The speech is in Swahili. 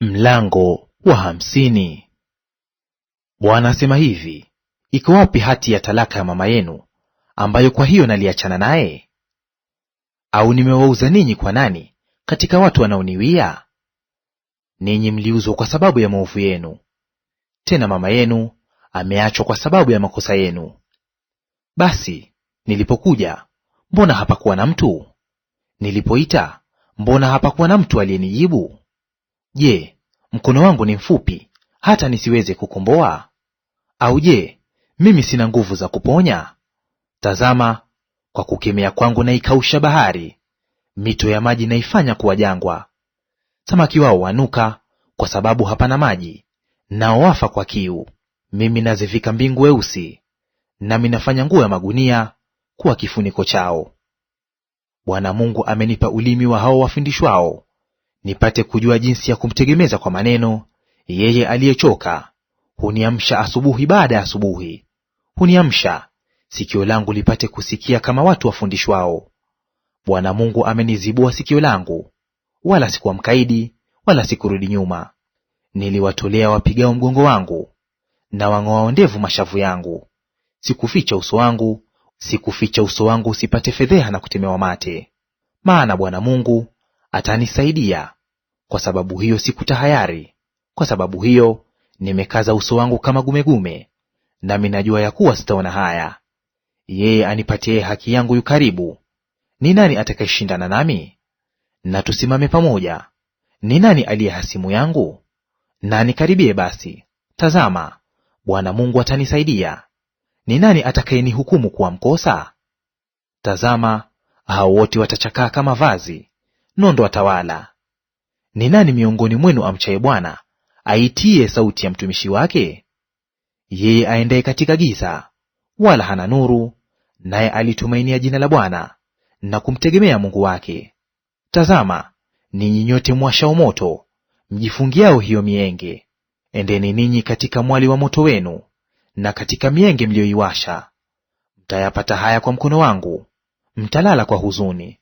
Mlango wa hamsini. Bwana asema hivi, iko wapi hati ya talaka ya mama yenu, ambayo kwa hiyo naliachana naye? Au nimewauza ninyi kwa nani katika watu wanaoniwia? Ninyi mliuzwa kwa sababu ya maovu yenu, tena mama yenu ameachwa kwa sababu ya makosa yenu. Basi nilipokuja, mbona hapakuwa na mtu? Nilipoita, mbona hapakuwa na mtu aliyenijibu? Je, mkono wangu ni mfupi hata nisiweze kukomboa? Au je, mimi sina nguvu za kuponya? Tazama, kwa kukemea kwangu naikausha bahari, mito ya maji naifanya kuwa jangwa. Samaki wao wanuka, kwa sababu hapana maji, nao wafa kwa kiu. Mimi nazivika mbingu weusi, nami nafanya nguo ya magunia kuwa kifuniko chao. Bwana Mungu amenipa ulimi wa hao wafundishwao nipate kujua jinsi ya kumtegemeza kwa maneno yeye aliyechoka. Huniamsha asubuhi baada ya asubuhi, huniamsha sikio langu lipate kusikia kama watu wafundishwao. Bwana Mungu amenizibua sikio langu, wala sikuwa mkaidi, wala sikurudi nyuma. Niliwatolea wapigao mgongo wangu na wang'oao ndevu mashavu yangu. Sikuficha uso wangu, sikuficha uso wangu usipate fedheha na kutemewa mate. Maana Bwana Mungu atanisaidia, kwa sababu hiyo sikutahayari; kwa sababu hiyo nimekaza uso wangu kama gumegume, nami najua ya kuwa sitaona haya. Yeye anipatiaye haki yangu yu karibu. Ni nani atakayeshindana nami? Na tusimame pamoja. Ni nani aliye hasimu yangu? Na nikaribie basi. Tazama, Bwana Mungu atanisaidia. Ni nani atakayenihukumu kuwa mkosa? Tazama, hao wote watachakaa kama vazi, nondo watawala. Ni nani miongoni mwenu amchaye Bwana, aitiye sauti ya mtumishi wake? Yeye aendaye katika giza, wala hana nuru, naye alitumainia jina la Bwana na kumtegemea Mungu wake. Tazama, ninyi nyote mwashao moto, mjifungiao hiyo mienge, endeni ninyi katika mwali wa moto wenu, na katika mienge mliyoiwasha. Mtayapata haya kwa mkono wangu, mtalala kwa huzuni.